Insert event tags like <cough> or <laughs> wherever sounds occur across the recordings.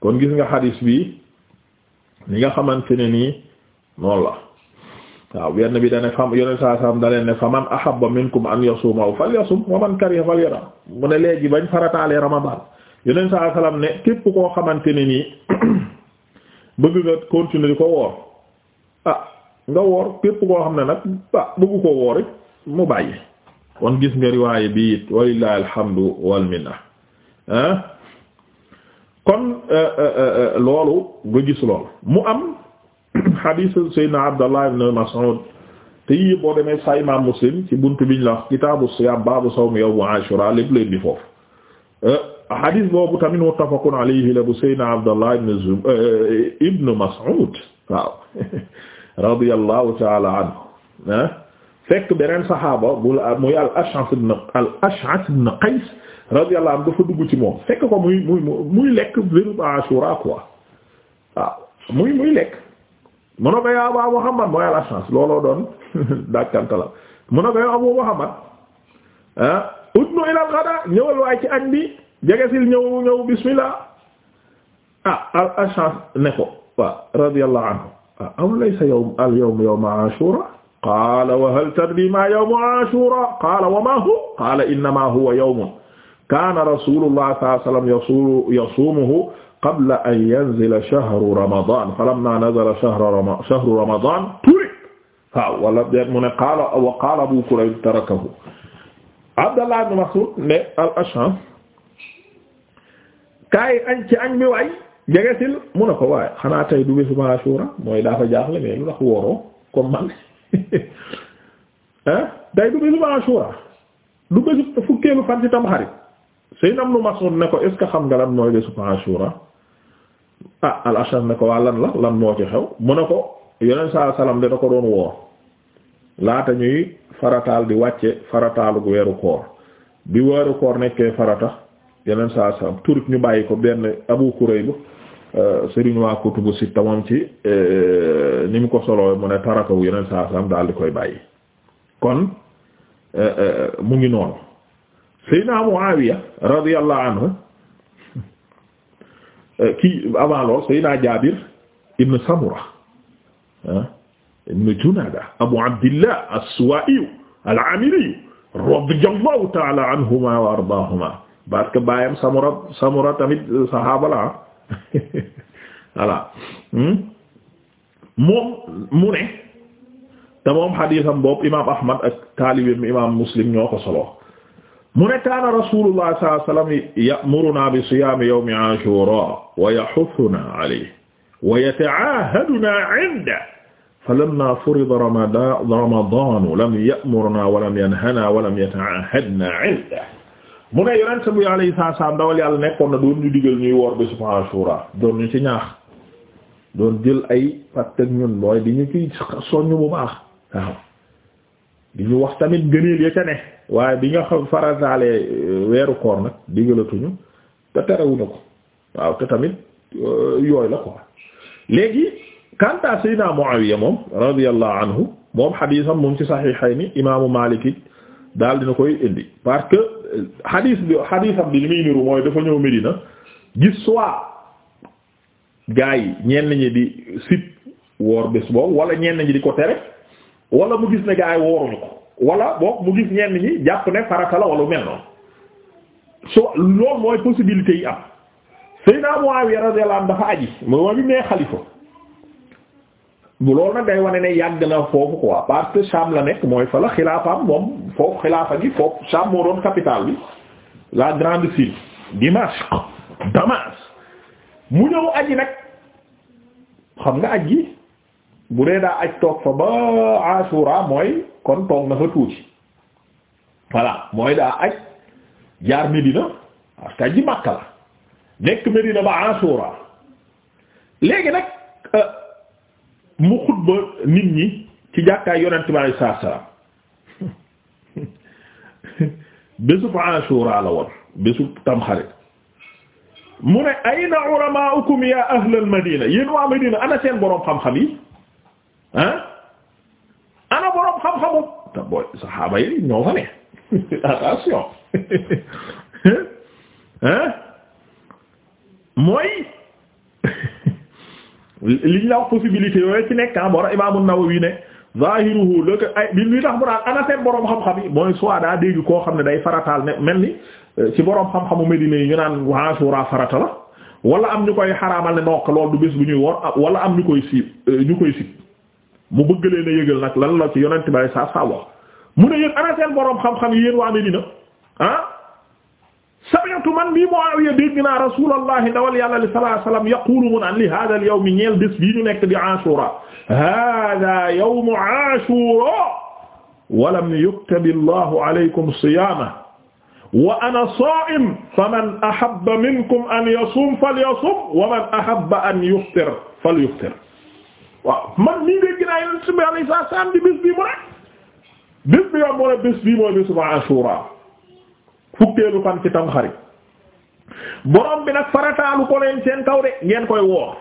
kon gis nga xadis bi li nga xamante ne nii noonu la waaw benn bi dane fam yoneen saa saam da leen ne fa man ahabba minkum an yasuma aw falyasum wa man kariha falyara mu ne léegi bañ farataalee ramadan yoneen saa salam ne képp koo xamante ne nii <clears throat> bëgg nga continuer ko woor ah nga woor képp koo xam ne nag ah bëgg ko woor it mu bàyyi kon gis nga riwaaye bi it walillahi alhamdu wal minna kon euh, euh, euh, loolu nga gis lool mu am <clears throat> hadith sayyidina Abdallah ibn Mas'ud te yi boo demee sa imam Muslim ci buntu biñ la wax kitaabu siyaam baabu sawm yawm Ashura lépp leen di foofu hadith boobu tamit muttafaqun alayhi la bu sayyidina Abdallah ibn Zub ibn Mas'ud waaw <laughs> radiyallahu ta'ala anhu fekk beneen saxaaba bu muy al Ash'ath ibn al Ash'ath ibn Qays radiyallahu anhu dafa dugg ci moom fekk ko muy muy muy lekk vérub Ashura quoi waaw muy muy lekk mu ne ko yow Abu Muhammad mooy la chance looloo doon <laughs> dàkkanta la mu ne ko yow Abu Muhammad ah udnu ilal ghada ñëwal waay ci añ bi jegesil ñëw ñëw bismillah ah al chance ne ko waaw anhu ah aw laysa yawm al yawm yawm Ashura qaala wa hal tadri ma yawm Ashura qaala wa ma hu qaala kaana rasulullah sallallahu alayhi wa sallam yasuulu yasuumuhu qabla an yanzila shahru ramadan falamma nazala shahru ramadan turik waaw wala mu ne qaala wa qaala abu kurayb tarakahu abdallah ibn mas'ud ne al asham kaay añ ci añ bi waay jegesil mu ne ko waaye xanaa tey du bésu ma ashura mooy dafa jaaxle mais lu tax wooroo comme man ah <laughs> tey du bésu ma ashura du bésu fukkeelu fan ci tamxarit Seydina Ibn Mas'ud ne ko est xam nga lan mooy bésu Ashura ah al-Ash'ari ne ko waa lan la lan moo ci xew mu ne ko yeneen saa salaam de ko doon woor laata ñuy farataal di wàcce farataalu weeru koor bi weeru koor nekkee farata yeneen saa salaam turut ñu bàyyi ko benn Abu Kurayb euh, sëriñ waa kutubu sitta moom ci euh, ni mu ko soloo mu ne tarakawu yeneen saa salaam daal di koy bàyyi kon euh, mu ngi noonu. Seydina Muawiya radiyallahu anhu kii avant lool Seydina Jaabir ibn Samura ah, ibn Junaada Abu Abdillah as-Suwaa'i al-Aamiri radiyallahu ta'ala anhuma wa ardaahuma parce que baayam Samura Samura tamit saxaaba la ah. <laughs> voilà hmm? moom mu ne te moom xadiisam boobu imaam Ahmad ak taalibeem imaam Muslim ñoo ko solo mu ne kaana rasulullah sallallahu alayhi wa sallam ya'muruna bi siyaami yawmi ashura wa yahuthuna alayhi wa yata'ahaduna 'indahu falamma furida ramadanu lam ya'murna wa lam yanhana wa lam yata'ahadna 'indahu mu ne yonent bi alayhi salaam dawal yàlla nekkoon na doon ñu digal ñuy woor bi su ashura doon ñu ci ñaax doon jël ay pàcc ak ñun mooy di ñu ciy soññ bu baax waaw di wax tamit gëneel ya ne waaye bi nga xam farataalee euh, weeru koor nag digalatuñu te terewuñu ko waaw te tamit euh, yooyu la ko léegi kanta sayyidina Muawiya moom radiyallahu anhu moom xadiisam moom ci saxiixayni imaamu Maalik daal dina koy indi parce que euh, xadiis bi xadiisam bi li muy niru mooy dafa ñëw Medina gis soit gaa yi ñenn ñi di sit woor bés boobu wala ñenn ñi di ko tere wala mu gis ne gaa yi wooruñu ko wala boog mu gis ñenn ñi jàpp ne farata la wala mel noonu su loolu mooy possibilité yi am Seydina Muawiya radiyallahu anhu dafa aji moo ma bi nee xalifa bu loolu nag day wane ne yàgg na foofu quoi parce que la nekk mooy fa la xilaafaam moom foofu xilaafa gi foofu Sham moo doon capitale bi la grande ville Dimashq Damas mu ñëw aji nag xam nga aji bu dee daa aj toog fa ba asura mooy kon toog na fa tuuti voilà mooy daa aj jaar Medina parce que ji Makka la nekk Medina ba asura léegi nag euh, mu xutba nit ñi ci jàkkaay yonent bi alayhi salaam <laughs> bésub asura la woon bésub tamxarit mu ne ayna ulamaukum ana seen boroom xam-xam yi ah ana borom xam-xamu te booy saxaaba yi ñoo fa ne <laughs> attention ah <laughs> mooy <laughs> liñ la wax possibilité yooyu ci nekk ah borom Imaam An-Nawawi ne zahiruhu lëkk ay bi luy tax mu naan ana seen borom xam-xam yi mooy soit daa dégg koo xam ne day farataal ne mel ni euh, ci borom xam-xamu Medina yi ñu naan waa suuraa farata la wala am ñu koy xaraamal ne nokk loolu du bés bu ñuy wor wala am ñu koy siib euh, ñu koy siib. mu bëgg leen a yëgal nag lan la ci yonent bari saa saa wax mu ne yéen ana seen boroom xam-xam yi yéen waa Medina ah sami'tu man bi Muawiya dégg naa rasulallahi ndawal yàlla li sallallahu alayhi wasallam yaqulu mu naan li hada al yawm ñeel bés bii ñu nekk di Ashura hada yawmu Ashura wa lam yuktabi Allahu alaykum siyamahu wa ana saa'im faman ahabba minkum an yasum falyasum wa man ahabba an yuftir falyuftir waaw man nii dégg naa yonent bi alayhi salaam di bés bii mu rek bés bi yoon mu ne bés bii mooy bésu Ashura fukkeelu fan ci Tamxarit borom bi nag farataalu ko leen seen kaw de ngeen koy woor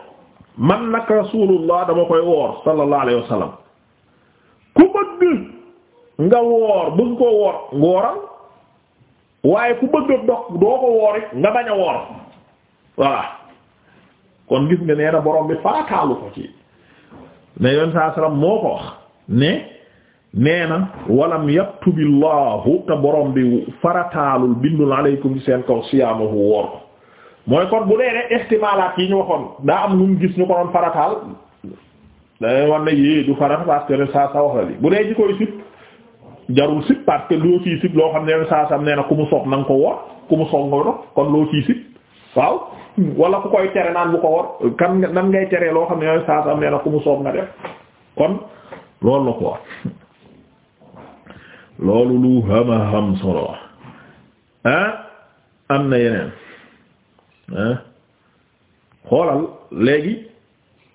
man nag Rasulullah dama koy woor sallallahu alayhi wa sallam ku bëgg nga woor bëgg ko woor nga wooral waaye ku bëgg dog doo ko woor it nga bañ a woor voilà kon gis nga nee na borom bi farataalu ko ci ne yoon saa salaam moo ko wax ne nee na walam yaktubillahu te borom bi farataalul bindul aleykum seen kaw siyaamahu woor mooy kon bu dee ne ihtimaalaat yi ñu waxoon daa am lu mu gis ñu ko doon farataal da war na yée du farata parce que saa sa wax la li bu dee ji koy sip jarul sip parce que loo ciy sip loo xam ne yoon saa sam nee na ku mu soob na nga ko woor ku mu soob nga kon loo ciy sip waaw wala ku koy tere naan bu ko war kan nan ngay tere loo xam ne yooyu saa na ku mu soob nga def kon loolu la ko loolu lu hama ham solo ah am na yeneen ah xoolal léegi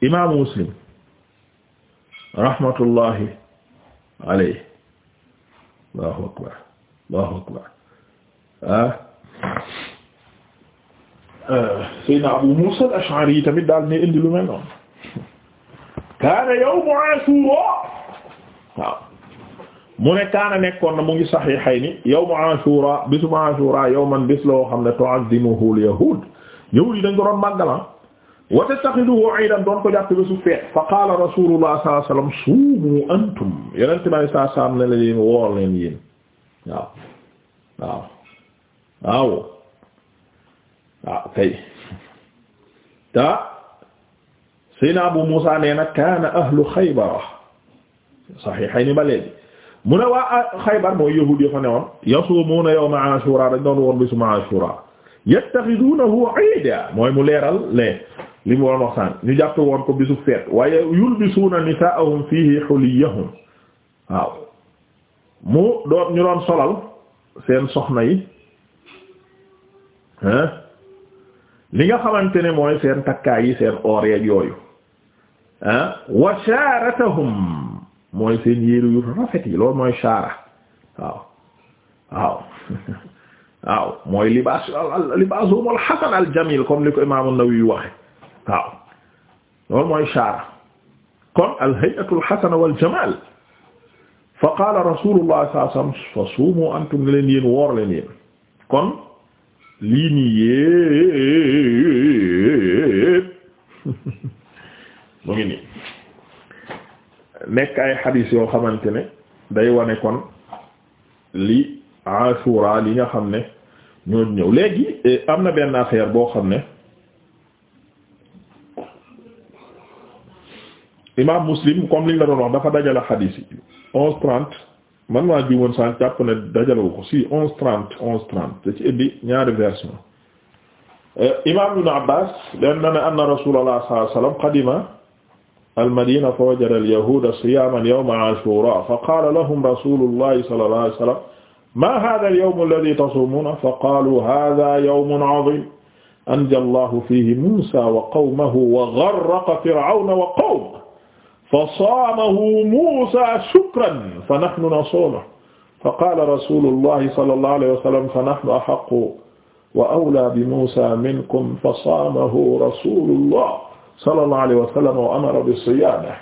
imaamu muslim rahmatullahi alayhi allahu akbar allahu akbar ah Seydina Abu Muusa al-Ash'ari yi tamit daal ne indi lu mel noonu kaana yawmu Ashura waaw mu ne kaana nekkoon na mu ngi Sahihayni yawmu Ashura bisum Ashura yawman bis la woo xam ne tu'azzimuhu al-yahuud yahuud yi dañ ko doon màggal ah. wa tattaxiduhu iidan doon ko jàpp bésu feet fa qaala Rasuulullah sallallahu alayhi wa sallam suumu antum Yonent bi sallallahu alayhi wa sallam ne la leen woor leen yéen waaw waaw waaw waaw ah, ta sayna musa nee na kaana ahlu xaybara saxiixayni ba léegi mu ne waa ah, xaybar mooy yahuud ya fa ne woon yasumuuna yawma ashura dañ doon woon bisu ashura yattaxiduunahu iida mooy mu leeral lee li mu woon wax ñu jàpp woon ko bisu feet waaye yulbisuuna nisaa'ahum fiihi xuliyahum waaw mu doon ñu doon solal seen soxna yi hein li nga xamante ne mooy seen takkaay yi seen oor yeeg yooyu ah wa sharatahum mooy seen yéeru yu rafet yi mooy shara waaw <laughs> waaw mooy libaas libaasuhum al hasan al jamil comme li ko imaamu Nawawi waxe waaw loolu mooy shara kon al hay'atu al hasana wal jamal fa qala rasulullah sallallahu alayhi wasallam fa suumu woor leen lii nii yépp mu ngi nii nekk ay xadiis yoo xamante ne day wane kon li Ashura li nga xam ne ñoo ñëw léegi eh, am na benn affaire boo xam ne imaam Muslim comme liñ la doon wax dafa dajale xadiis yi man maa ji woon sànq jàpp ne dajalewu ko si onze trente onze trente da ci indi ñaari version eh, imam ibn abbas leen na ne anna rasulullah sallallahu alayhi wasallam qadima almadina fa wajada alyahuda siyaman yawma ashura fa qala lahum rasulullahi sallallahu alayhi wasallam ma hadha alyawm alladhi tasumuna fa qalu hadha yawmun azim anja allahu fihi musa wa qawmahu wa gharraqa fir'auna wa qawmahu fa saamahu Muusaa shukran fa nahnu nasuumuhu fa qaala rasuulullaahi sallallaahu alayhi wa sallam fa nahnu ahaqqu wa awlaa bi Muusaa minkum fa saamahu rasuulullaah sallallaahu alayhi wa sallam wa amara bi-siyaamihi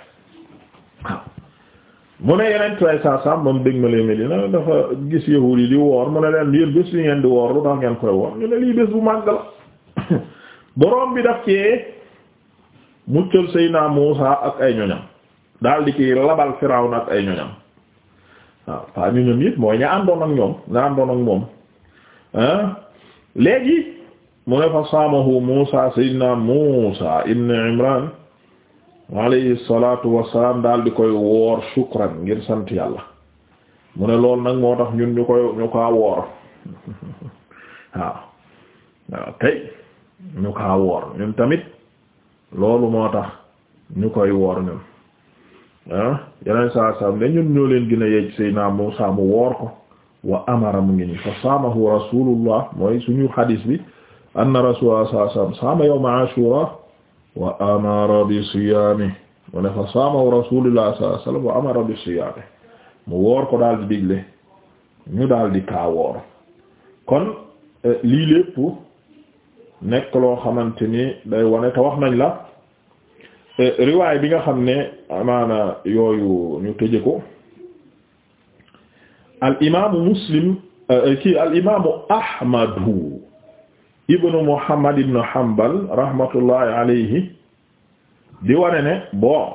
mu ne yeneen tray saa saam ba mu dégg ma lee Medina dafa gis yahuud yi di woor mu ne leen lii bés li ngeen di woor lu tax ngeen koy woor ñu ne lii bés bu màgg la <laughs> boroom bi daf ci muccal Seydina Muusaa ak ay ñoñam daal di ci labal Firawna ak ay ñoñam waaw waa ñoñam it mooy ña àndoon ak ñoom ña àndoon ak moom léegi mu ne fa saamahu Muusa sayyidina Muusa ibn Imran alayhi salatu wasalaam daal di koy woor shukran ngir sant yàlla mu ne loolu nag moo tax ñun ñu koy ñu kaa woor <laughs> waaw waaw tey ñu kaa woor ñun tamit loolu moo tax ñu koy woor ñun ah yeneen saa saam ñun ñoo leen gën a yegg Seydina Muusaa mu woor ko wa amara mu ngi nii fa saamahu rasulullah mooy suñu xadis bi anna rasulullah saa saam wa amara bi siyaami mu ne fa saamahu rasulullah saa saam wa amara bi siyaami mu woor ko daal di digle ñu daal di kaa woor kon eh, lii lépp nekk loo xamante ni day wone te wax nañ la. Euh, riwaay bi nga xam ne amaana yooyu ñu tëje ko al imaamu muslim euh, euh, kii al imaamu ahmadu ibnu muhammad ibnu hanbal rahmatullahi alayhi di wane ne bon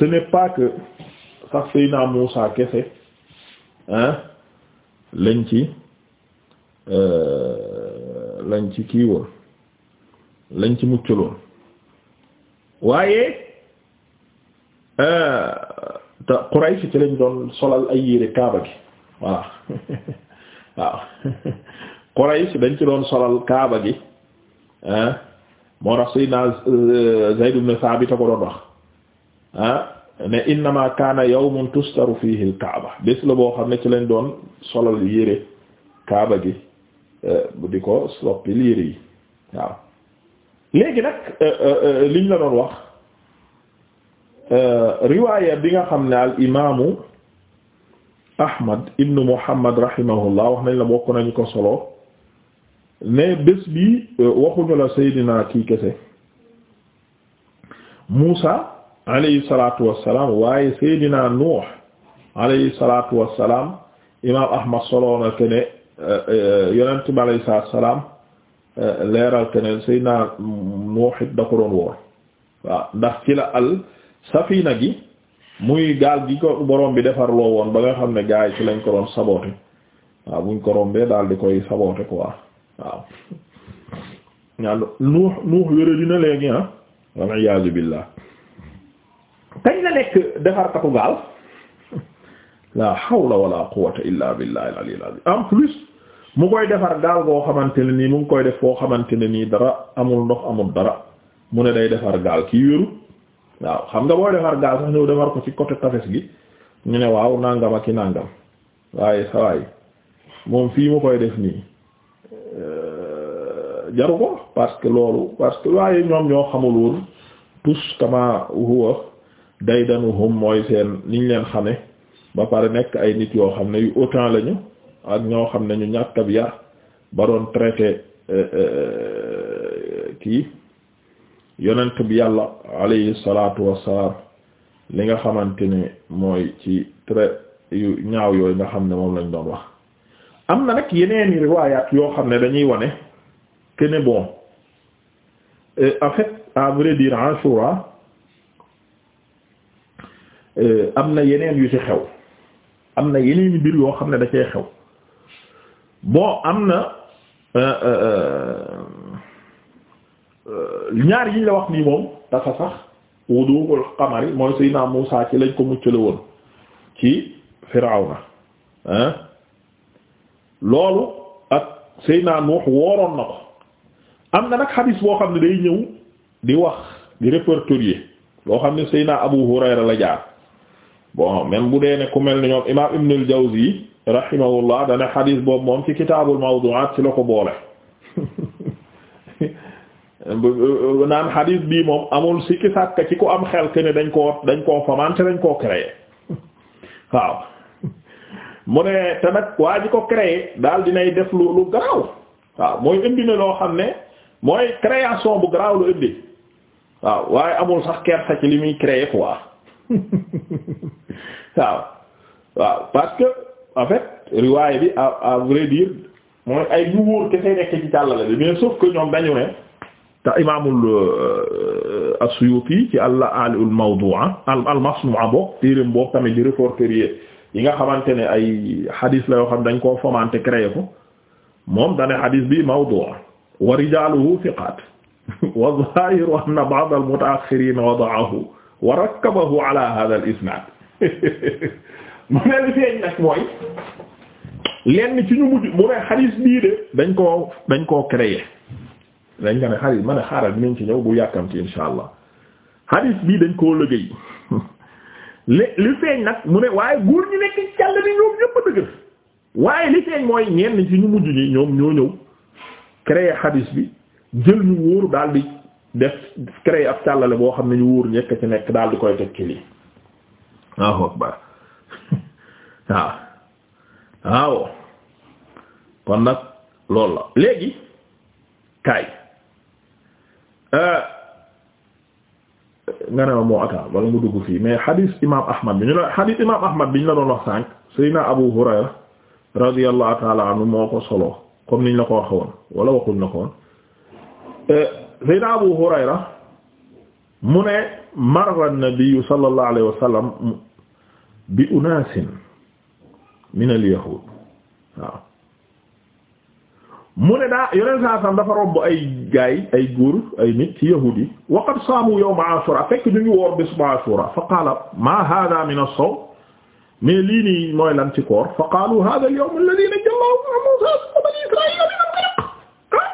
ce n'est pas que sax Seydina kese hein lañ ci lañ ci kii lañ ci muccaloon waaye euh, te Quraysh ci lañ doon solal ay yére kaaba gi voilà waaw <laughs> <laughs> Quraysh dañ ci doon solal kaaba gi ah moo tax naa euh, Zayd ibn Thabit ko doon wax ah ne innama kaana yawmun tustaru fihi al-kaaba bis la boo xam ne ci lañ doon solal yére kaaba gi bu euh, di ko soppil yére yi waaw léegi nag euh, euh, euh, liñ la doon wax riwaaya bi nga xam ne al imaamu ahmad ibnu muhammad rahimahullah wax nañ la bokk nañu ko solo ne bés bi waxuñu la seydina kii kese muusa alayhi salaatu wassalaam waaye seydina nuux alayhi salaatu wassalaam imaam ahmad solo na kene yonent bi alayhi salaatu wassalaam leeral keneen Seydina Nuux it da ko doon woor waaw ndax ci la al safina gi muy gaal gi ko borom bi defar loo woon ba nga xam ne gaa ci lañ ko doon saboote waaw buñ ko rombee daal di koy saboote quoi waaw Nuux Nuux wéra léegi ah wal iyaazu billaah kañ la nekk defarkatu gaal <laughs> la hawla wala quwwata illa billahi al aliyyil azim en plus mu koy defar gaal goo xamante ne nii mu ngi koy def foo xamante ne nii dara amul ndox amul dara mu ne day defar gaal kii wéru waaw xam nga booy defar gaal sax ñëw defar ko ci côté tafes gi ñu ne waaw nangam ak i nàngam waaye sawaay moom fii mu koy def nii euh, jaru ko parce que loolu parce que waaye ñoom ñoo xamul woon tous kama huwa daydanuhum mooy seen niñ leen xame ba pare nekk ay nit yoo xam ne yu autant lañu ak ñoo xam ne ñu ñàkk ab yar ba doon traité euh, euh, euh, kii yonent bi yàlla alayhi salaatu wassalaam li nga xamante ni mooy ci trait yu ñaaw yooyu nga xam ne moom lañ doon wax am na nag yeneeni riwaayaat yoo xam ne dañuy wane que ne bon en fait à vrai dire am na yeneen yu ci xew am na yeneen mbir yoo xam ne da cee xew bon am na euh, euh, euh, ñaar yi la wax nii moom dafa sax wuduwul xamari mooy Seydina Muusaa ci lañ ko muccale woon ci Firawna ah loolu ak Seydina Nuux wooroon na ko am na nag xadiis boo xam ne day ñëw di wax di répertorier loo xam ne Seydina Abu Hurayra la jaar bon même bu dee ne ku mel ni ñoom Imaam Ibnul Jawzi rahimahullah dana xadis boobu moom ci kitaabul mawdu'aat ci la ko boole naan xadis bii moom amul sikki sàkk ci ku am xel ke ne dañ koo dañ koo famante dañ koo créé waaw mu ne te nag waa ji ko créé daal dinay def lu lu garaaw waaw mooy indi na loo xam ne mooy création bu garaaw lu indi waaw waaye amul sax kersa ci li muy créé quoi <laughs> waaw waaw parce que en fait riwaay bi à à vrai dire mooy ay ñu wóor kese nekk ci càllale bi mais sauf que ñoom dañu ne te imaamul euh, as-Suyuti ci àlla aliul mawdu'a al al ah, masnu'a ah, bokk téeréem boobu tamit di répertorier yi nga xamante ne ay xadis la yoo xam dañ koo fomante créé ko moom dane xadis bi mawdu'a ah, wa rijaluhu thiqat <laughs> wa zahiru anna ba'd al muta'akhirin wada'ahu wa rakkabahu ala hadha al isnad <laughs> mu ne li feeñ nag mooy lenn ci ñu mujj mu ne xadiis bii de dañ koo dañ koo créer dañ ko ne xadiis ma ne xaaral dinañ ci ñëw bu yàkkamti insha allah xadiis bii dañ koo liggéey li li feeñ nag mu ne waaye góor ñi nekk ci càll bi ñoom ñëpp a dëgër waaye li feeñ mooy ñenn ci ñu mujj ni ñoom ñoo ñëw créer xadiis bi jël ñu wóoru daal di def créer ab càllale boo xam ne ñu wóor ñekk ci nekk daal di koy teg ci lii waaw akbar waaw waaw kon nag loolu la léegi kaay euh, nga ne moo ataa wala mu dugg fii mais xadiis imaam ahmad bi ñu la xadiis imaam ahmad bi ñu la doon wax sànq sayyidina abu hurayra radiyallahu taala anhu moo ko solo comme niñ la ko waxee woon wala waxuñ la ko woon euh, abu hurayra mu ne marra an-nabi sallallahu alayhi wa bi unaasin min al yahud waaw mu ne daa yoneen saa sam dafa romb ay gaay ay góor ay nit ci yahuud yi wa qad saamu yawma ashura fekk ñu ngi woor bisu ashura fa qaala ma hada min as-sawm mais lii nii mooy lan ci koor fa qaalu hada al-yawm alladhi najja Allahu minhu Musa wa bani Israa'ila min al-gharq ah?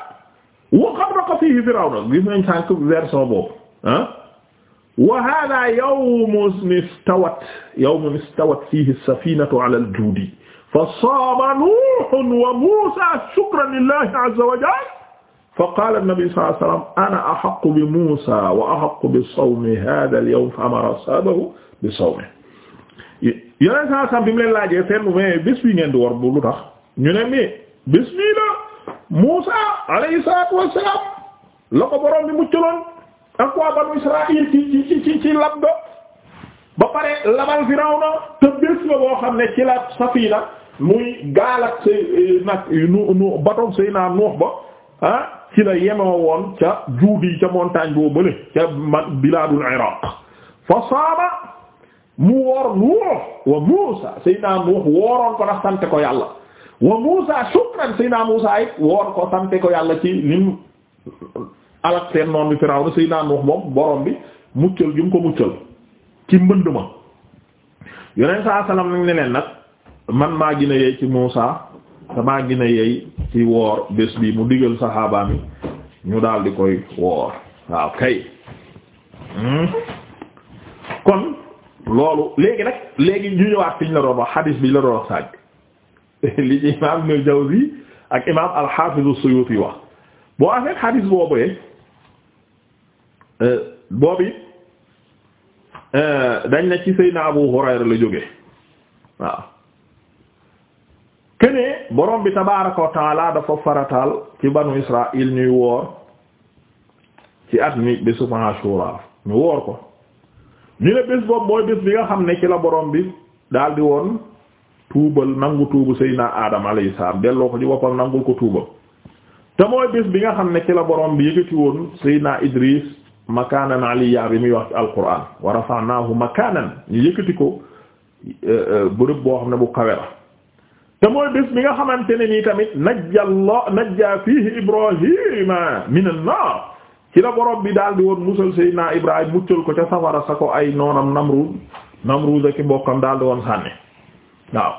wa gharraqa fihi Firawna gis nañ sànq version boobu ah wa hada yawmun istawat yawmun istawat fihi as-safinatu ala al-judi fasaama nuuhun wa muusaa shukran lillahi azza wa jalla faqaala an-nabi sallallahu alayhi wa sallam ana ahaqqu bi muusaa wa ahaqqu bi sawmi haadha al-yawm fa amara ashaabahu bi sawmihi yeneen saa sam bi mu leen laajee fenn mais bés bi ngeen di war bu lu tax ñu ne mais bés bii la Muusaa alayhi salaatu wa salaam la ko borom bi muccaloon ak waa banu Israël ci ci ci ci ba pare labal Firawna te bés la boo xam ne ci la safina muy gaal ak say eh, nag eh, nu nu batom say nuux ba ah, ci la yemoo woon ca juudi ca montagne boo bële ca bilaadul Iraq fa mu woor nuux wa Muusa say nuux wooroon ko ndax sante ko yàlla wa Muusa shukran say Muusa it woor ko sante ko yàlla ci lim alak seen noon bi Firawna Seydina Nuux moom borom bi muccal gi ko muccal ci mbënd ma yoneen saa salaam nag ne leen nag man maa gina yeey ci Muusaa te maa gina yeey ci woor bés bi mu digal saxaabaam yi ñu daal di koy woor waaw kay hmm? kon loolu léegi nag léegi ñu ñëwaat fiñ la doon wax xadiis bi la doon wax sàjj <laughs> li ci imaam Ibnul Jawzi ak imaam al-Haafiz wax boo afeet xadiis boobee Euh, boobu euh, dañ na ci Seydina Abu Hurayra la jóge waaw kenee borom bi tabaaraka wa taala dafa farataal ci banu Israil ñuy woor ci at mi bésu Ashura ñu woor ko ñu ne bés boobu mooy bés bi nga xam ne ci la borom bi daal di woon tuubal nangu tuubu Seydina Adama alayhi salaam delloo ko ci boppam nangul ko tuubam te mooy bés bi nga xam ne ci la borom bi yëkkati woon Seydina Idris makaanan aliyya bi muy wax ci alquran wa rafa'nahu makaanan ñu yëkkati ko euh, euh, ne bu kawe la te nga xamante ne nii tamit najja Allah najja fiihi Ibrahima minan naar la borom bi daal di woon musal Seydina Ibrahima muccal ko ca safara sa ko ay noonam Namrud Namrud ak mbokkam daal di woon sànni waaw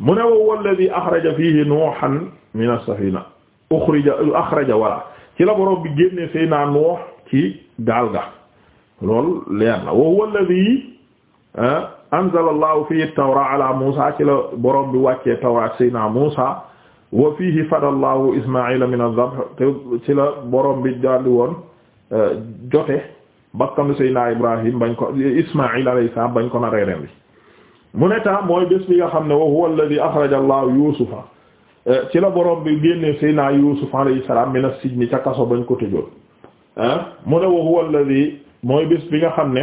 mu ne wa walladhi axraja fiihi Nuuhan mina safina uxrija axraja wala ci la borom bi ci gaal ga loolu leer na wa huwa alladhi anzala allahu fihi tawra ala musa ci la borom bi wàccee tawra sayna musa wa fihi fada allahu ismaila min adh-dhabh ci la borom bi daldi woon jote bakkanu sayna ibrahim bañ ko ismail alayhi salam bañ ko na reereen bi mu ne ta mooy bés xam ne wa huwa alladhi akhraja allahu ci la borom bi génne sayna yusuf alayhi salam min as ca kaso bañ ko tëjoon mu ne wa huwa alladhi mooy bis bi nga xam ne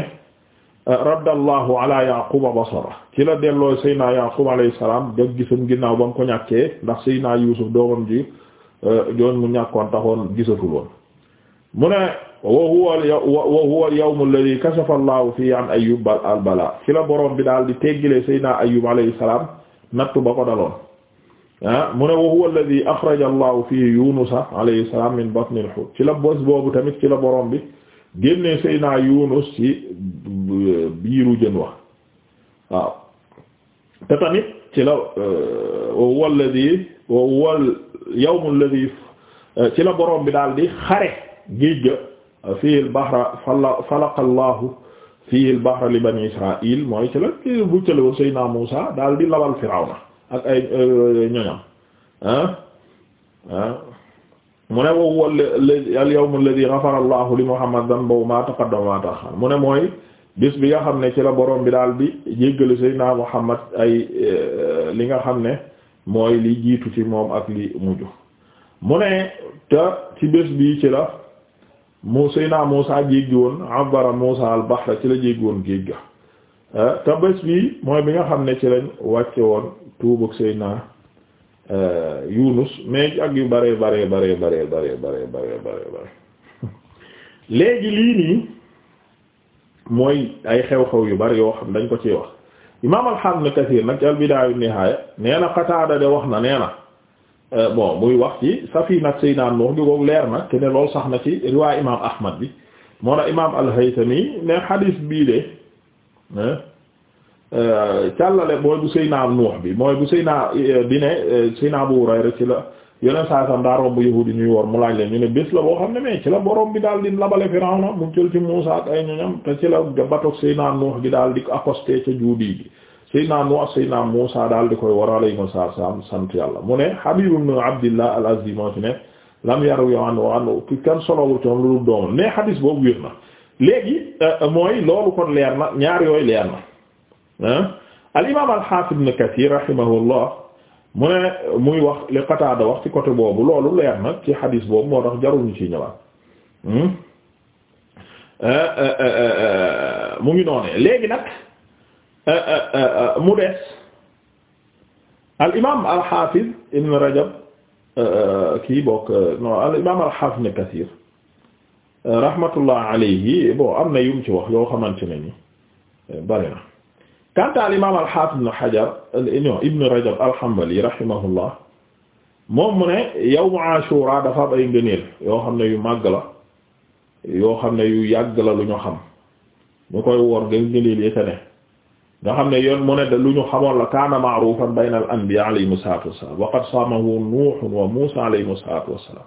euh, raddallahu ala yaquba basara ci la delloo saydna yaqub alayhi salaam dog gisam ginnaaw ba mu ko ñàkkee ndax saydna yusuf doomam ji joon euh, mu ñàkkoon taxoon gisatul woon mu ne wa huwa wa huwa al-yawm alladhi kashafa allahu fihi an ayyub al bala ci la boroom bi daal di teggilee saydna ayyub alayhi salaam nattu ba ko daloon Ah, mu ne wa huwa alladhi akhraja allahu fihi yunusa alayhi salam min batni al-hut ci la bos boobu tamit ci la borom bi génnee Seydina Yunus ci euh, biiru jën wax waaw te tamit ci la euh, wa huwa alladhi wa huwa al-yawm alladhi euh, ci la borom bi daal di xare géej ga fihi al-bahra falaqa allahu fihi al-bahra li bani israil mooy ci la bu cëlawoon Seydina Musa daal di labal Firawna ak ay euh, ñoñam mu ne wow walla al yawm alladhi ghafara allahu li muhammad dhanbahu ma taqaddama ma ta'akhkhar mu ne mooy bis bi nga xam ne ci la borom bi daal bi jéggale sayyidina muhammad ay euh, li nga xam ne mooy li jiitu ci moom ak li mujj mu ne te ci bés bi ci la mu sayyidina Muusaa jéggi woon abara Muusaa al-bahra ci la jéggi woon géej ga te bés bi mooy bi nga xam ne ci lañ wàcce woon tuubag Seydina eh, Yunus mais ak yu bare bare bare bare bare bare bare bare <laughs> léegi lii nii mooy ay xew-xew yu bari yoo xam dañ ko ci wax imaam al-Hafiz Kathir nag al Bidaaya wa Nihaaya nee na Qataada de wax na nee na eh, bon muy wax ci safinat Seydina Nuux gi koog leer na te ne sax na ci riwaay imaam Ahmad bi moo na imaam al ne xadiis bii de eh, Euh, càllale mooy bu Seyna Nuux bi mooy bu Seyna bi euh, ne euh, Seyna Abu Hurayra ci la yeneen saa sam daa romb yahuudi ñuy wor mu laaj leen ñu ne bés la boo xam ne mais ci la borom bi daal di labale Firawna mu jël ci Muusaa ak ay ñoñam te ci la batoog Seyna Nuux bi daal di accosté ca juudi bi Seyna Nuux Seyna Muusaa daal di koy war alaykum salaam sant yàlla mu ne Habiib ibn Abdillah al-Azdi moo ci ne lam yaru an an ki kenn solowul ci lu dul doomam boobu wér na léegi mooy loolu leer na ñaar yooyu leer na al imaam al xaafid ibn Kasiir rahimahullah mu ne muy wax li Qataada wax ci côté boobu loolu leer na ci xadiis boobu moo tax jarul ñu ci ñëwaat hmm? euh, euh, euh, mu ngi noonee léegi nag mu des al imaam al xaafid ibn Rajab kii bokk non al imaam al xaafid ibn Kasiir rahmatullah alayhi bon am na yum ci wax yoo xamante ne ni bari na. kanta al imam al-Hafiz ibn Hajar non Rajab al-Hanbali rahimahullah moom mu ne ay ngëneel yoo xam ne yu màgg la yoo xam ne yu yàgg la lu ñu xam ñu koy wor nga xam ne yoon mu ne lu ñu xamoon la kaana ma'rufan bayna al-anbiya alayhimu salaatu wassalaam wa qad saamahu Nuuh wa Muusaa alayhimu salaatu wassalaam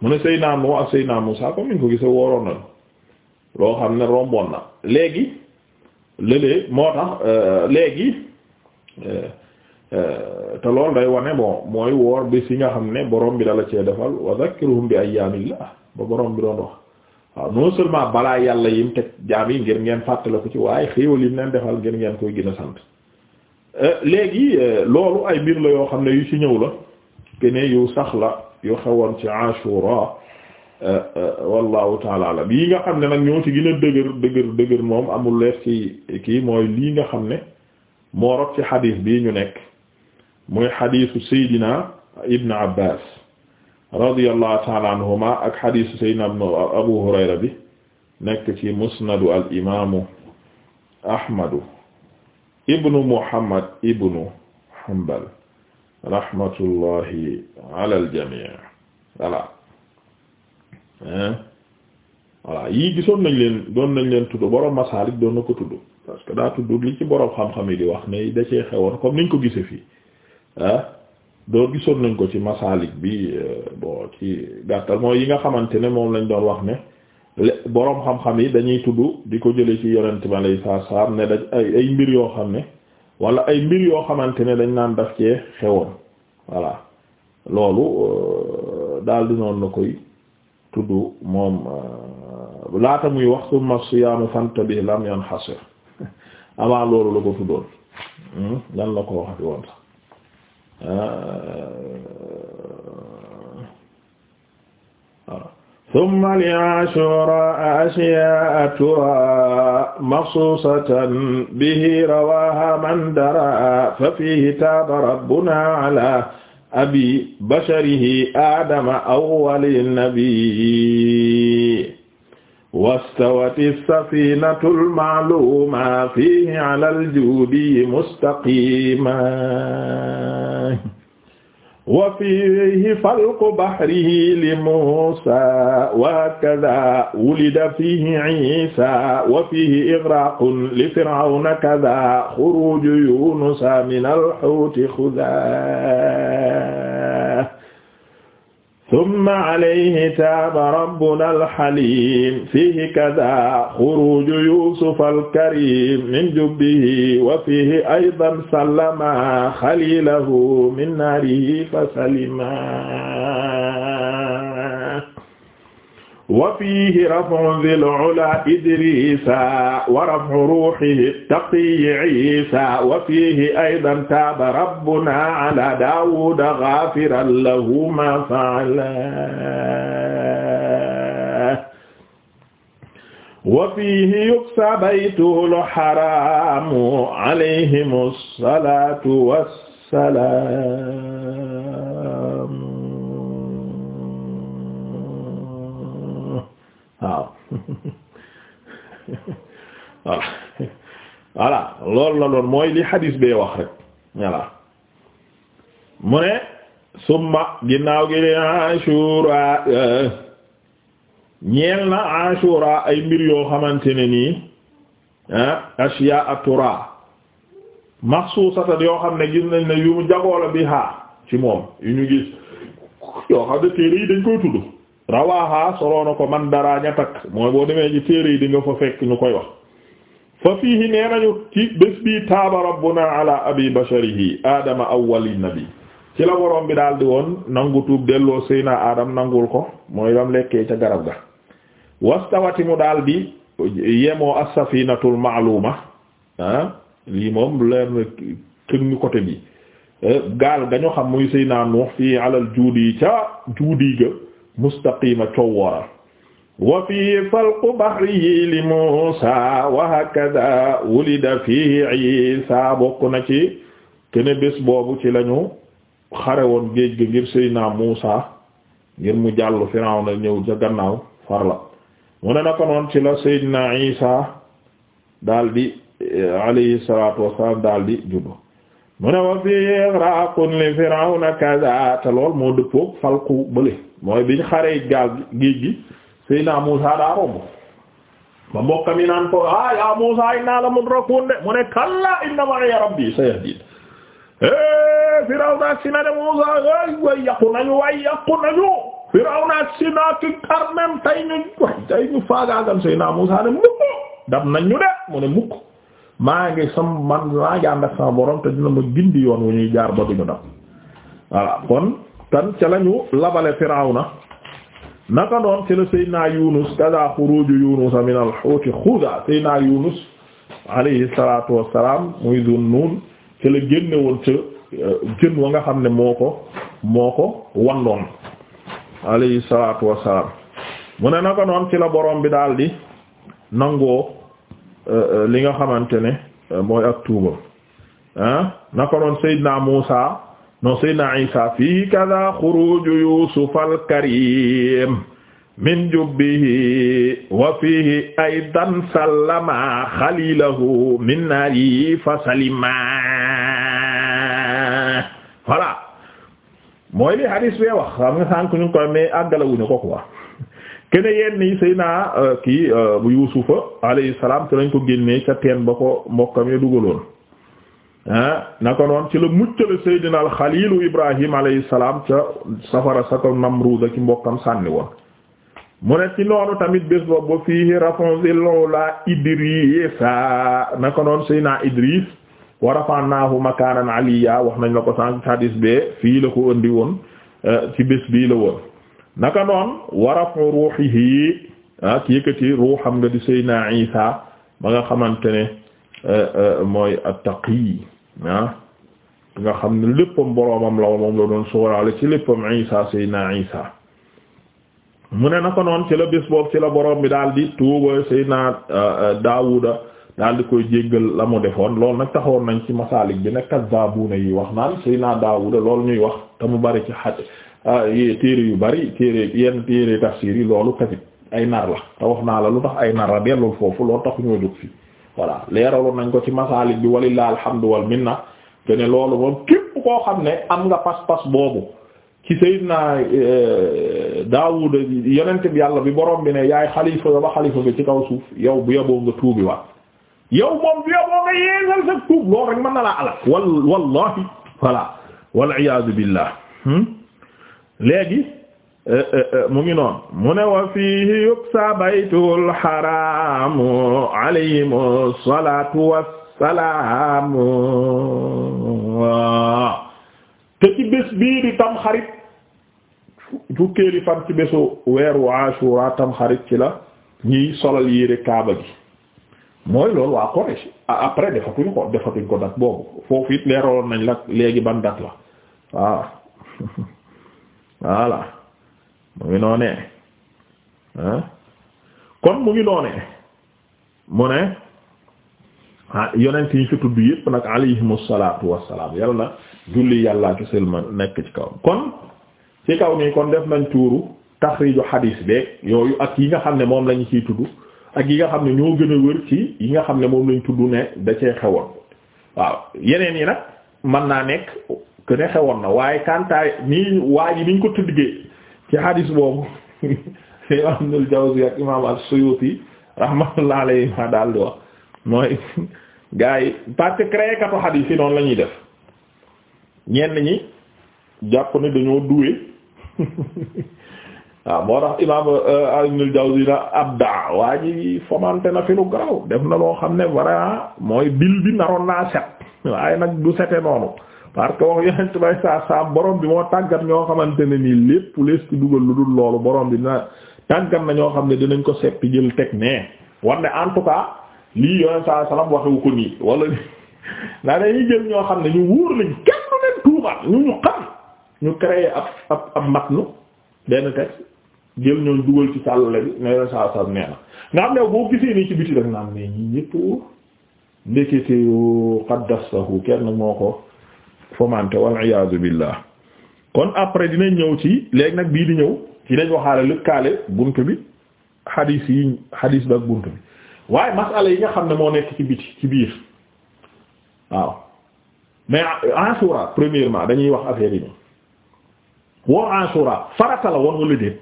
mu ne Seydina Nuuh ak ko gisee woroon na loo xam ne romboon léegi lëlee moo tax euh, léegi euh, euh, te loolu day wane bon mooy woor bi si nga xam ne borom bi dala cee defal wa zakkiruhum bi ayyaamillah ba borom bi doon wax waaw non seulement balaa yàlla yim teg jaam yi ngir ngeen ko ci waaye xéewal yim leen defal ngir ngeen koy gën a sant léegi loolu ay mbir la yoo xam ne yu ci ñëw la kene yu sax la yu xewoon ci Ashura Euh, euh, wallahu taala alam yi nga xam ne nag ñoo ci gën a dëgër dëgër dëgër moom amul leer ci kii mooy lii nga xam ne moo rot ci xadiis bii ñu nekk muy xadiisu Seydina Ibn Abbas radiyallahu taala anhuma ak xadiisu Seydina Abu Hurayra bi nekk ci musnadu al imaamu Ahmadu ibnu Muhammad ibnu Hanbal rahmatullahi ala al jamii voilà yii gisoon nañ leen doon nañ leen tudd borom masaalik doon na ko tudd parce que daa tudd li ci boroom xam-xam yi di wax ne da cee xewoon comme niñ ko gisee fii ah doo gisoon nañ ko ci masaalik bi euh, bon ci gàttal mooy yi nga xamante ne moom lañ doon wax ne boroom xam-xam yi dañuy tudd di ko jële ci yonent bi alayhi salaam ne dañ ay ay mbir yoo xam ne wala ay mbir yoo xamante ne dañ naan daf cee xewoon voilà loolu euh, daal di noonu la koy. tudd moom euh, laata muy wax summa siyaamu fantabi lam yanhasir <laughs> avant loolu la ko tuddoon hmm? lan la ko waxati woon sax euh, voilà summa li ashura ashyaa tura maxsuusatan bihi rawaha man dara fa fihi taaba rabbuna ala abi basharihi aadama awwali nabi wastawati safinatu almaaluma fihi ala aljudi mustaqima wa fiihi falqu bahrihi li Muusaa wa kadaa wulida fiihi Iisaa wa fiihi ighraaqun li Fir'awna kadaa xuruuju Yuunusa minal huuti xudaa summa alayhi taaba rabbuna alxalim fiihi kada xuruju yusuf alkarim min jubbihi wa fiihi aydan sallama xalilahu min naarihi fa salima wa fiihi raf'u dhil 'ula Idrisa wa raf'u ruhihi taqiyyi Isa wa fiihi aydan taaba rabbuna 'ala Daawuda ghafiran lahu ma fa'ala wa fiihi yuqsa baytuhu al-haramu 'alayhimu as-salatu was-salam waaw voilà voilà loolu la doon mooy li xadiis bee wax rek voilà mu ne summa ginnaaw gi leen ashura ñeel na ashura ay mbir yoo xamante ne nii ah, ashiya atura maxsuusatan yoo xam ne gis nañ ne yu mu jagoola bi xaar ci moom yu ñu gis yoo xam ne téere yi dañ koy tudd rawaaha soloo ko man daraa ña mooy boo demee ci téere yi di nga fa fekk ñu koy wax fa fiihi nee nañu ci bés bii taaba rabbuna ala abi basharihi adama awwali nabi ci la borom bi daal di woon nangu tuub delloo seyna adam nangul ko mooy bam lekkee ca garab ga wastawati mu daal di yemoo as-safinatul ma'luma ah lii moom leer na këngi côté bi eh, gaal gañu xam muy seyna nuux fii alal juudi ca juudi ga mustaqima coowooral wa fii falqu bahrihi li Muusa wa hakada wulida fii Isa bokk na ci kene bés boobu ci lañu xare woon géej gi ngir Seydina Muusa ngir mu jàll Firawna ñëw ca gannaaw farla mu ne naka noon ci la Seydina Isa daldi alayhi salaatu wassalaam daldi juddu mu ne wa fii ighraaqun li Firawna kaza lool moo dëppook falqu bële mooy biñ xare gaal géej gi Seydina Muusaa daa romb ba mbokkam yi naan ko ah yaa Muusaa innaa la mudrakuun de mu ne kallaa inna ma'iya rabbii sayahdiin eh, Firawna si na de Muusaa waay waay yàqu nañu waay yàqu nañu Firawna si naa ki kar même tay ñu tay ñu faagaagal Seydina Muusaa ne mukk dab nañ de mu ne mukk maa ngi sam man maa ngi ànd sama borom te dina ma gindi yoon wu ñuy jaar ba duñu dab voilà kon tan ca lañu labale firawna naka noon ci la seydina yunus kada xuruju yunus min al xuda seydina yunus alayhi salatu wassalam muy dun nuun ca la génne woon ca euh, jën wa nga xam ne moo ko moo ko wandoon alayhi salatu wassalam mu ne naka noon ci la borom bi daal di nangoo euh, euh, li nga xamante ne mooy ak tuubam naka noon seydina Muusa non Seydina Isa fii kada xuruju Yuusuf al-Karim min jubbihi wa fiihi aydan sallama xalilahu min naari fa salima voilà mooy li hadis bee wax xam nga sànk ñu koy mais ko quoi kene yenn yi Seydina euh, kii euh, bu Yuusufa alayhi salaam te lañ ko génnee ca naka noon ci la muccale Seydina al Xaliilu Ibrahim alayhi salaam ca safara sa ko Namruud ki mbokkam sànni woon mu ne ci noonu tamit bés boobu fii rafon ziloola Idrisa naka noon Seydina Idris wa rafa'naahu makaanan aliyya wax nañ la ko sànq hadis fii la ko andi woon eh, ci bés bii la woon naka noon wa raf'u ruuhihi ak ah, yëkkati ruuxam nga di Seydina Isa ba nga xamante ne eh, eh, mooy at Ah. nga xam ne léppam boroomam la moom la doon sóoraale ci léppam Isa Seydina Isa mu ne na ko noon ci la bés boobu ci la boroom bi daal di tuuba Seydina ah, ah, Daawuda daal di koy jéggal la mu defoon loolu nag taxoon nañ ci masaalik bi nag kazzaabuuna yi wax naan Seydina Daawuda loolu ñuy wax te mu bari ci xat téere yu bari téere yenn téere tafsiir yi loolu tamit ay nar la te wax naa la lu tax ay nar la dellul foofu loolu taxuñoo jóg fii voilà leeraloon nañ ko ci masaalik bi walilah alhamdu wal minna te ne loolu moom képp koo xam ne am nga pas-pas boobu ci Seydina euh, Daawuda yonent bi yàlla bi borom bi ne yaay xalifa ba xalifa bi ci kaw suuf yow bu yeboo nga tuubi waat yow moom bu yeboo nga yeesal sa tuub loolu rek mën laa alal wallahi voilà wal billah hmm? léegi Eh, eh, eh, mu ngi noon mu ne wa fiihi yuksa baytul haramu alayhimu salaatu wassalaamu te ci bés ci bésu weeru ashura tamxarit ci la ñiy solal yére kaaba gi mooy loolu waa Quraysh après defatuñ ko defatuñ ko date boobu foofu it leeraloon nañ la léegi ban date la waaw <laughs> voilà mu ngi noonee ah kon mu ngi noonee mu ne ah yonent yi fi tudd yëpp nag alayhimu salaatu wassalaam yal na julli yàllaa ki ma nekk ci kaw kon ci kaw nii kon def nañ tuuru taxriiju xadiis beeg yooyu ak yi nga xam ne moom lañu ciy tudd ak yi nga xam ne ñoo gën a wër ci yi nga xam ne moom lañ tudd ne da cee xewoon waaw yeneen yi nag mën naa nekk que xewoon na waaye kantaay nii waa ji niñ ko tuddee ci hadis boobu <laughs> imam Ibnul Jawzi ak imam As-Suyuti rahmatullah alayhi ma <laughs> daal wax mooy <laughs> gars yi parce que créé katu hadis yi noonu la ñuy def ñenn ñi jàpp ne dañoo duwee waaw moo tax imam euh, Ibnul Jawzi na abda waa ji fomante na fi garaw def na loo xam ne vraiment mooy bil bi naroon naa set waaye nag du sete noonu parce que wax yonent bay saa saa borom bi moo tàggat ñoo xamante ne nii lépp dugal lu dul loolu borom bi na tàggat na ñoo xam ne dinañ ko seppi jël teg nee war ne en tout cas lii yonent waxewu ko nii wala <laughs> naa dañuy jël ñoo xam ne ñu wóor lañ kenn du leen dugal ci sàllale bi ne yonent saa salaam nee na nga xam ne boo gisee nii ci biti rek naan ne ñii ñëpp ndekete yoo qaddasahu kenn moo ko fomante wal iyaazu billah kon après dinañ ñëw ci léegi nag bii di ñëw ci lañ waxaale lëkkaale bunt bi xadiis yi xadiis bi ak bunt bi waaye masala yi nga xam ne moo nekk ci biti ci biir waaw mais Ashura premièrement dañuy wax affaire yi woor Ashura farata la woon wala déet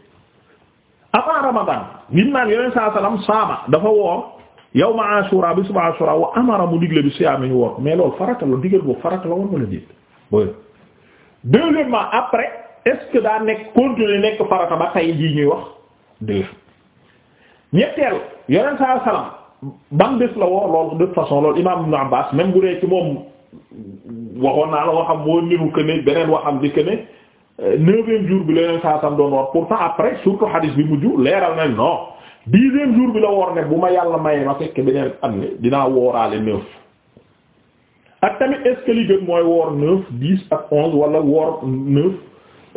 avant Ramadan nit naan yeneen saa salaam saama dafa woor yawma Ashura bi suba Ashura wa amara mu digle bi siyaami woor mais loolu farata la digal boobu farata la oui deuxièmement après est-ce que daa nekk continuer nekk farata ba tay jii ñuy wax deux ñetteel yonent saa salaam ban bés la woo loolu de toute façon loolu imaam Ibn Abbas même bu dee ci moom waxoon naa la waxam moo niru que beneen waxam di que ne euh, jour bi la yonent saa salaam doon woor pourtant après surtout hadith bi mujj leeral na non dixième jour bi la woor ne bu ma yàlla mayee ma fekk beneen am ne dinaa wooraale neuf. ak tamit est-ce que gën mooy woor neuf dix ak onze wala woor neuf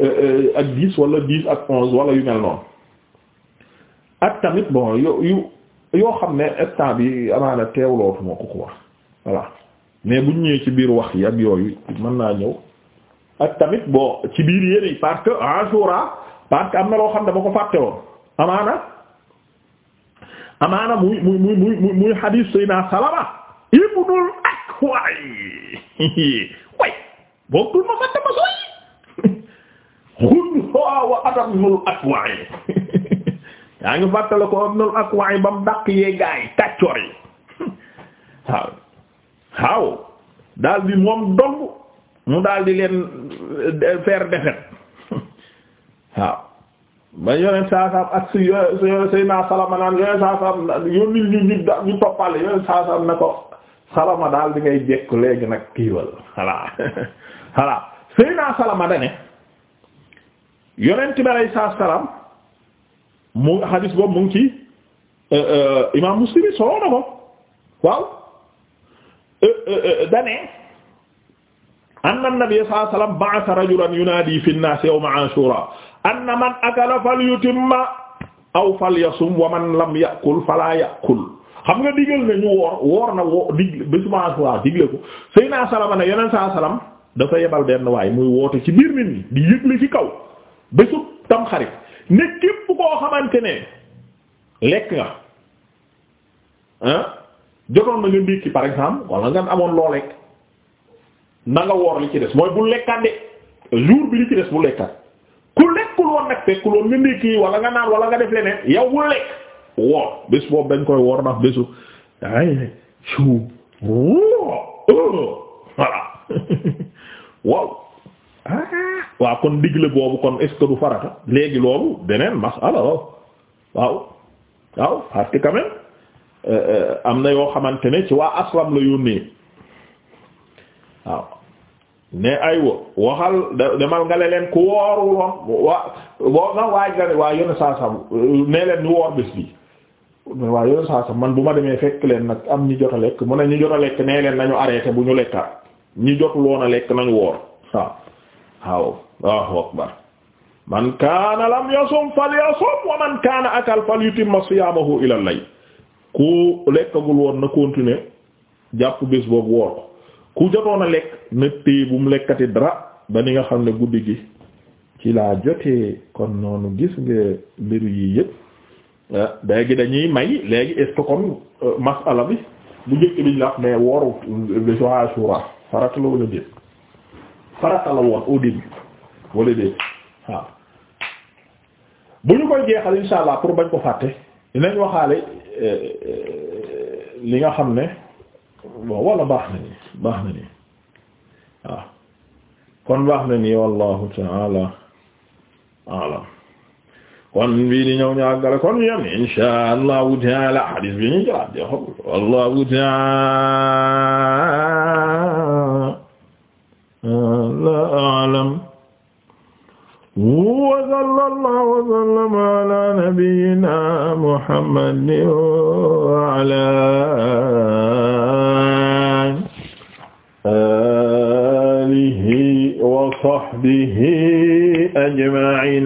euh, ak dix wala dix ak onze wala yu mel noonu ak tamit bon yu yoo xam ne instant bi amaana teewlootu moo ko ko wax voilà mais buñ ñëwee ci biir wax yi ak yooyu mën naa ñëw ak tamit bon ci biir yére yi parce que Ashura parce que am na loo xam dama ko fàtte woon amaana amaana muy muy muy muy muy hadith Sayyidina Salama ibnul waay way boobu dul ma fàtte ma sooy xulwaa wa adam nul akwaay yaa ngi fàttale ko am nul akwaay ba mu dàq yee gaay kàccoor yi waaw waaw daal di moom dong mu daal di leen faire defet waaw ba yoneen saasaam ak si yo- si yo- si naa salamanaan yoneen saasaam yónnil ñu ñu toppale yoneen na ko salama daal di ngay jekk léegi nag kiiwal voilà <laughs> voilà Seydina salama dane yonent bi alay salaam mu xadis boobu mu ngi ci euh, euh, imaam Muslim solo na ko euh, dane anna nabiyya sallallahu alayhi fi an-nas anna man akala falyutimma aw falyasum wa man lam ya'kul fala ya'kul xam nga digal na ñu woor woor na woo dig bésuma waa digle ko Seydina Salama ne yeneen saa salam dafa yebal benn waay muy woote ci biir nit ñi di yëgle ci kaw bésu tamxarit ne képp koo xamante ne lekk nga ah jotoon na nga ndékki par exemple wala nga amoon loo lekk na nga woor li ci des mooy bu lekkat de jour bi li ci des bu lekkat ku lekkul woon nag fekkul nga ndékki wala nga naan wala nga def leneen yow bu lekk woor bés boobu dañ koy wor ndax bésu ay su voilà kon digle boobu kon est-ce farata léegi loolu beneen masala waaw waaw parce am na yoo xamante ni ci waa aslam la yónnee waaw ne aywa waxal demal nga leen ku wooru loon waa boo nga waaj la ne waa yónnee saa saa ne leen ñu woor bés bi waaw man bu ma demee fekk leen nag am ñi jot lekk mu ne ñi jot a lekk nee leen nañu arrêté bu ñu lekkaat ñi jotul woon a lekk nañu woor waaw waaw waaw akbar man kaana lam yasum falyasum wa man kaana akal falyutimma siyaamahu ilal lay ku lekkagul woon na continuer jàpp bés boobu woor ku jotoon lekk na bu mu lekkati dara ba ni nga xam ne guddi gi ci laa jotee kon noonu gis nga mbiru yi yépp Ah, léegi dañuy may léegi est-ce que kon euh, masala bi bu njëkk biñ la wax mais wooru le jour Ashura farata la wala déet farata la woon au début wala déet waaw bu ñu koy jeexal insha allah pour bañ ko fàtte dinañ waxaale euh, euh, li nga xam ne bon wala baax na nii baax na nii waaw kon baax na nii wallahu ta'ala a'lam kon bii di ñëw ñu àggale kon yem insha allahu taala hadis bi ñu jëlaat jox wallahu taala alam wa sallallahu wa sallama ala nabiyyina muhammadin wa ala alihi wa sahbihi ajma'in